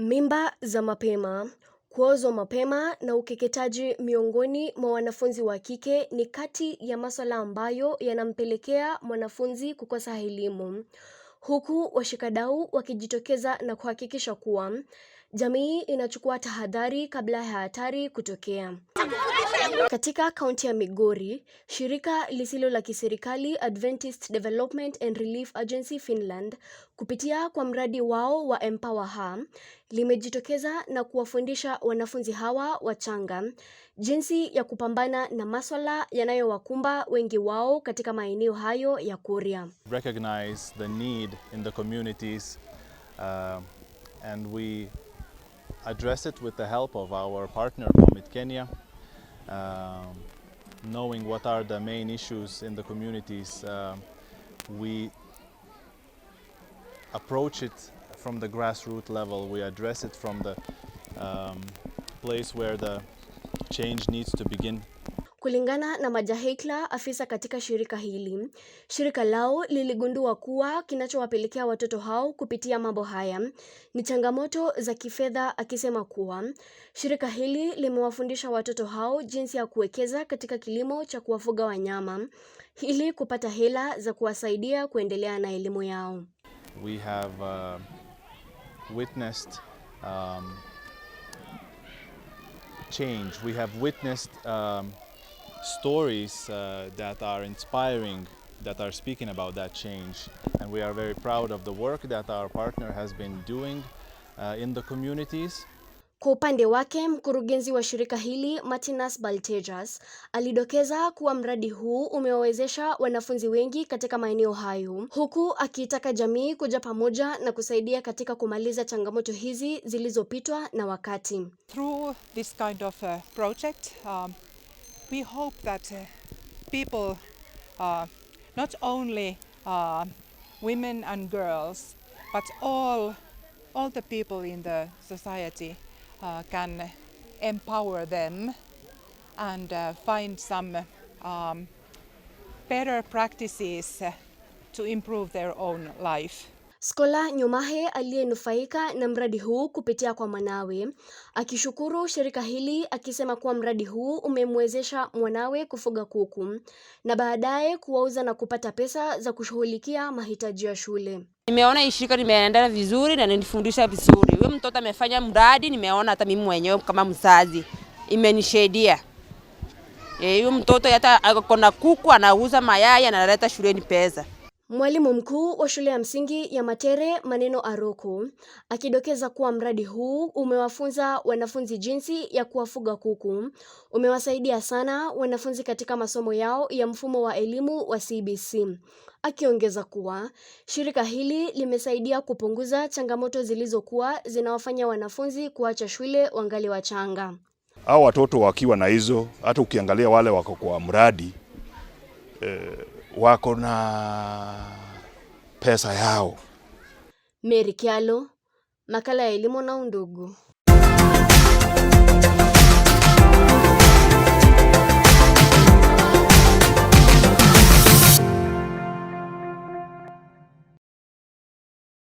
Mimba za mapema, kuozwa mapema na ukeketaji miongoni mwa wanafunzi wa kike ni kati ya masuala ambayo yanampelekea mwanafunzi kukosa elimu, huku washikadau wakijitokeza na kuhakikisha kuwa jamii inachukua tahadhari kabla ya hatari kutokea. Katika kaunti ya Migori, shirika lisilo la kiserikali Adventist Development and Relief Agency Finland, kupitia kwa mradi wao wa Empower Her, limejitokeza na kuwafundisha wanafunzi hawa wachanga jinsi ya kupambana na maswala yanayowakumba wengi wao katika maeneo hayo ya Kuria. Recognize the need in the communities uh, and we address it with the help of our partner Vomit Kenya Um, knowing what are the main issues in the communities, um, we approach it from the grassroots level. We address it from the um, place where the change needs to begin. Kulingana na Majahekla, afisa katika shirika hili, shirika lao liligundua kuwa kinachowapelekea watoto hao kupitia mambo haya ni changamoto za kifedha, akisema kuwa shirika hili limewafundisha watoto hao jinsi ya kuwekeza katika kilimo cha kuwafuga wanyama ili kupata hela za kuwasaidia kuendelea na elimu yao. We have, uh, witnessed, um, change. We have witnessed, um stories uh, that are inspiring, that are speaking about that change. And we are very proud of the work that our partner has been doing uh, in the communities. Kwa upande wake mkurugenzi wa shirika hili Martinus Baltejas alidokeza kuwa mradi huu umewawezesha wanafunzi wengi katika maeneo hayo, huku akiitaka jamii kuja pamoja na kusaidia katika kumaliza changamoto hizi zilizopitwa na wakati. Through this kind of uh, project, um... we hope that uh, people, uh, not only uh, women and girls, but all, all the people in the society can empower them and find some um, better practices to improve their own life. skola Nyomahe aliyenufaika na mradi huu kupitia kwa mwanawe akishukuru shirika hili akisema kuwa mradi huu umemwezesha mwanawe kufuga kuku na baadaye kuwauza na kupata pesa za kushughulikia mahitaji ya shule. Nimeona hii shirika nimeendana vizuri na nilifundisha vizuri. Huyu mtoto amefanya mradi, nimeona hata mimi mwenyewe kama mzazi imenishaidia. Eh, mtoto hata akona kuku anauza mayai analeta shuleni pesa. Mwalimu mkuu wa shule ya msingi ya Matere Maneno Aroko akidokeza kuwa mradi huu umewafunza wanafunzi jinsi ya kuwafuga kuku umewasaidia sana wanafunzi katika masomo yao ya mfumo wa elimu wa CBC, akiongeza kuwa shirika hili limesaidia kupunguza changamoto zilizokuwa zinawafanya wanafunzi kuacha shule wangali wachanga. Hao watoto wakiwa na hizo, hata ukiangalia wale wako kwa mradi eh, wako na pesa yao. Mary Kyalo, makala ya elimu na Undugu.